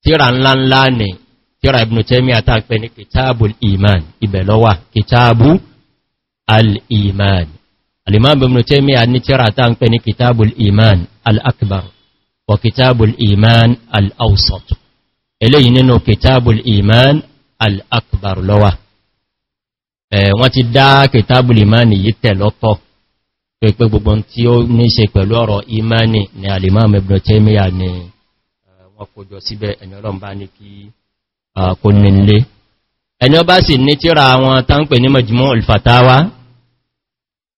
tíra ńláńlá ní tíra ibn tẹ́mí àtàpẹ ní kìtàbù al-iman ìbẹ̀lọ́wà kìtàbù al-iman al-imam ibn tẹ́mí a ní tíra àtàpẹ ní kìtàbù al-iman al-akbar wa kìtàbù al-iman al-awsat eléyìí nínú kìtàbù al-iman al-akbar lọ́wà wọ́n ti dá kìtàbù al yìí tẹ̀ lọ́tọ̀ pẹ̀pẹ̀ gbogbo tí ó ní ṣe pẹ̀lú ọ̀rọ̀ imani ni al-imam ibn tẹ́mí a ni wọ́n kójọ síbẹ̀ ẹni ọlọ́run bá ní kí kó nílé ẹni ọba sì ní tíra àwọn tánpẹ̀ ní mọ̀júmọ́ olfàtàwà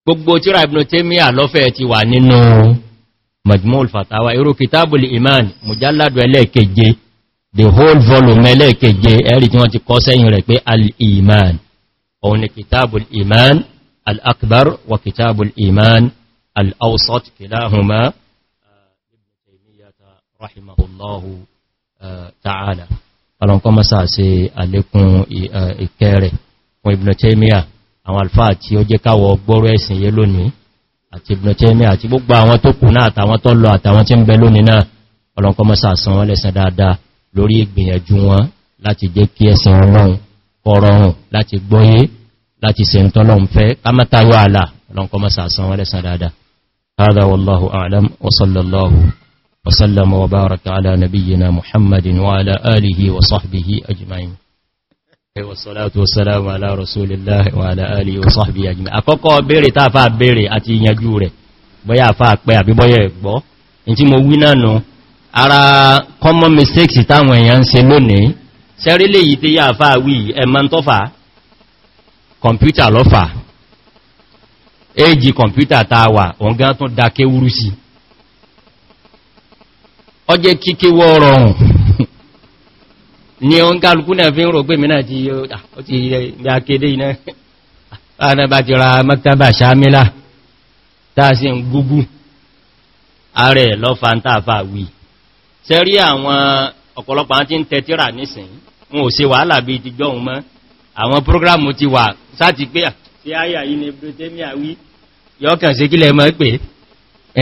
gbogbo tíra Ibn Taymiyyah lọ́fẹ́ ti wà nínú mọ̀júmọ́ olfàtàwà irú kitabul iman mujalladu ẹlẹ́ẹ̀keje the whole volume ẹlẹ́ẹ̀keje ẹ̀rí tí wọ́n rahimahullahu eh, ta'ala alọ́nkọ́ masá ṣe àlékún eh, ìkẹ́ rẹ̀ fún Ibn Taymiyyah àwọn alfáà tí ó jẹ́ káwọ gbọ́rọ̀ ẹ̀sìn yé lónìí àti Ibn Taymiyyah àti gbogbo àwọn tó kù náà àtàwọn tó lọ àtàwọn tí ń bẹ lónìí náà ọlọ́nkọ́ masá san wọ́n lẹ́san dáadáa lórí ìgbìyànjú wọn láti jẹ́ kí ẹ̀sìn ọlọ́run kọrọrùn هذا والله أعلم وصلى الله وسلم وبارك على نبينا محمد وعلى آله وصحبه أجمعين والصلاة والسلام على رسول الله وعلى آله وصحبه أجمعين àkọ́kọ́ bèèrè tá fà bèèrè àti ìyànjú rẹ̀ bóyá fà pẹ́ àbí bóyá ẹ̀gbọ́ in tí mo wí nánú ara common mistakes táwọn èèyàn ṣe lónìí sẹ́rí lè yìí tí yà fà wí ẹ̀mọ́ tó fà kọ̀mpútà lọ́fà éèjì kọ̀mpútà tàwà òǹgán tún dákẹ́ wúrú sí i ọjẹ́ kíké wọ́ rọrùn ni o ń kálukú náà fi ń rò pé mìíràn ti yí akéde iná ààrẹ̀bà ti ra maktaba shamila táà sí ń gúgú ààrẹ lọ́fà ń tààfà wì sẹ́rí àwọn ọ̀pọ̀lọpọ̀ àti ń tẹ́tíra nísìn wọn ò ṣe wàhálà bí ti gbọ́hun mọ́ àwọn prógrámù ti sí àyà yìí mọ́ pé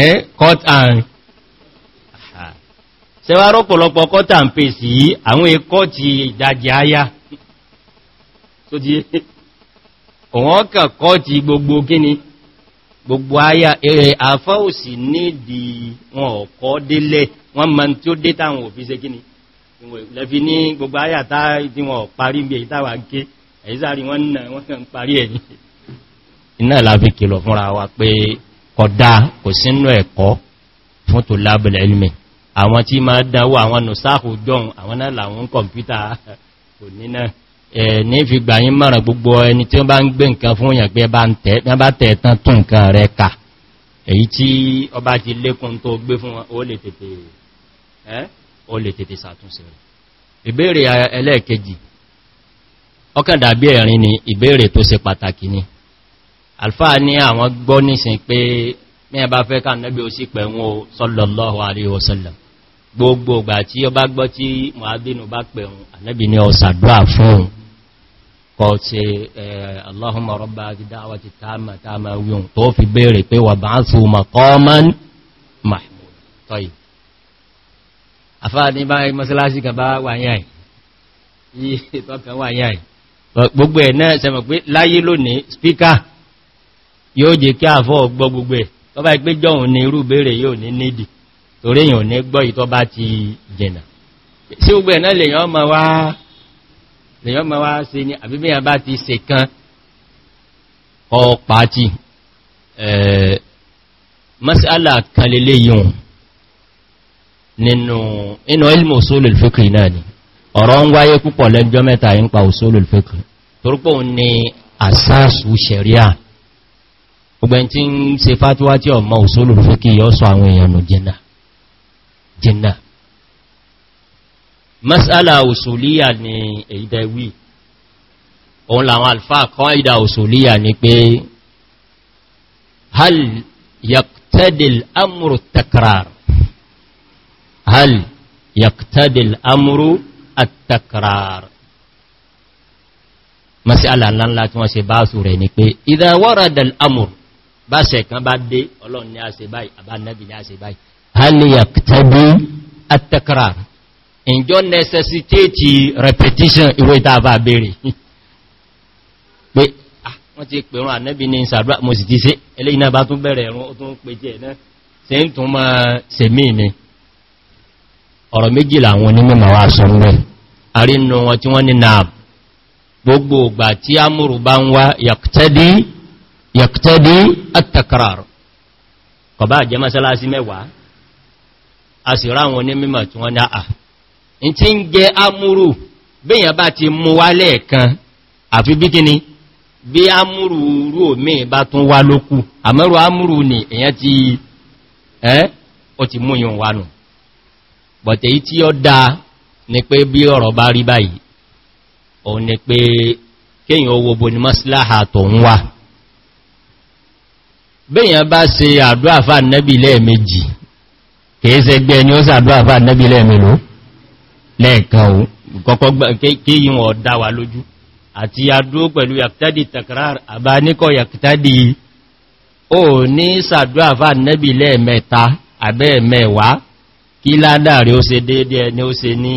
eh court and sẹwà rọ́pọ̀lọpọ̀ kọ́ta ń pè sí àwọn ẹkọ́ ti ìdajì ayá tó di òun kàkọ́ ti gbogbo kíni gbogbo ayá ẹ̀rẹ̀ àfọ́ òsì nídi wọn ọ̀kọ́ délẹ̀ wọ́n ma tí ó dé táwọn òfin ṣe kíni lẹ́fi ní gbogbo ayá tí wọn parí bí èyí táwà gé fún tó lábẹ̀lẹ̀ ilmi àwọn tí máa dánwò àwọn nùsáàkù jọun àwọn náà làwọn kọ̀mpútà kò nínà ní fi gbà yín mara gbogbo ẹni tí ó bá ń gbé nǹkan fún òyìn pé bá tẹ̀ tán tún nǹkan rẹ̀ kà èyí tí ọba ti lékún tó gbé fún ó lè tètè sàtúnṣe ìbéèrè ẹlẹ́ẹ̀kejì ọkàn dàbí ẹ̀rin ni ìbéèrè tó ṣe pàtàkì ni alfa ní àwọn gbọ́ nísìn pé mẹ́ẹ̀bá fẹ́ ká nẹ́bí ó sì pẹ̀ wọn sallallahu alaihi wasallam gbogbo ìgbà tí ọba gbọ́ tí mọ̀ábínú bá pẹ̀rún ànábì ní ọ̀sàdúà fún kọ tí Allahumma rabba ad-da'wati tammati tààmà wíhùn tó fi béèrè pé wà bá ń fún maqaman mahmud tọ́yì àfáàdín bá mọ́sálásí kan bá wà yáì tọ́kan wà yáì gbogbo ẹ̀ náà tọ́bá ìpéjọ́ òun ni irú béèrè yóò ní nídìí torí èyàn ní gbọ́ ìtọ́ bá ti jìnà sí gbogbo ẹ̀nà lèyàn ma wá ṣe ní àbíbíyàn bá ti ṣe kan ọpa ti masala kan lélé yìí nínú inú ilmù usulul fiqh náà ni ọ̀rọ̀ ń wáyé púpọ̀ lẹ́jọ́ mẹ́ta ń pa usulul fiqh torúpọ̀ ní àsáàsù ṣẹ̀ríà ọgbẹ̀n tí ń ṣe fátúwá tí ọmọ usulul fiqh yọ́ sọ àwọn èèyàn nù jẹ́nà aljanna masala usuliya ni èdèwì òun làwọn alfa kan ìdá usuliya ni pé hal yaktadil amuru takrar hal yaktadil amuru at-takrar masala ńláńlá tí wọ́n ṣe bá sù rẹ̀ ni pé idha warada al-amur bá ṣẹ̀ kan bá dé ọlọ́run ni a ṣe báyìí àbá nẹ́bì ni a ṣe báyìí haliyaktadi at-takrar ìjọ necessitate repetition ìwé ìta bá bèèrè pé ah, wọ́n ti pèrún ànẹ́bì ní ìsàdúrà mo sì ti ṣe eléyìí náà bá tún bẹ̀rẹ̀ ẹ̀rùn ó tún pè jẹ́ náà se ń tún máa se mí ni ọ̀rọ̀ méjìlá àwọn onímọ̀ wá sọ mẹ́ àrínú wọn tí wọ́n ní náà gbogbo ògbà tí a múrù bá ń wá yàktẹ́dí yàktẹ́dí at kọ̀bá jẹ́ mọ́sálásí mẹ́wàá a sì ráwọn ní mímọ̀ tí wọ́n náà in ti ń ámúrù bí bíyàn bá ti mú wá lẹ́ẹ̀kan àfi bí kíni bí ámúrù rú omi bá tún wá lókú àmẹ́rù ámúrù ni èyàn ti ẹ́ ti mú yàn wá nù bọ̀tẹ̀ yí tí ó dá ni pé bí ọ̀rọ̀ bá rí báyìí òun ni pé owó bo ni mọ́síláhà kìí ṣe gbé ẹni ó sàdúrà fà nẹ́bí lẹ́mìnú lẹ́ẹ̀kan ò kọ́kọ́ kí yíwọ̀n dá wa lójú àti adúó pẹ̀lú yàktádì takrar àbá níkọ̀ yàktádì ó ní sàdúrà fà nẹ́bí lẹ́ẹ̀mẹ́ta àbẹ́ mẹ́wàá kí ládàrí ó ṣe déédé ẹni ó ṣe ní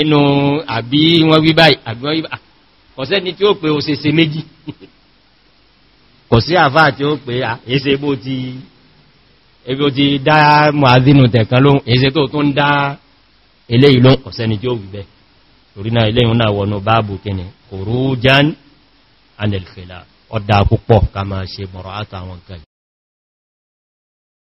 inú àbí wọ́n wí báyìí àbí wọ́n wí báyìí kọ̀sẹ́ ni tí ó pé òṣèṣe méjì kọ̀sí àfá tí ó pé èsè bó ti ebi ó ti dá mọ̀ázínú tẹ̀kan lóhun èsè tó tún dá eléyìí lóhun kọ̀sẹ́ ni tí ó wù bẹ́ torí náà eléyìí náà wọnú báàbù kíni kòrò ján anìlfèlà ọ̀dà púpọ̀ ká máa ṣe mọ̀rọ̀ àtàwọn kan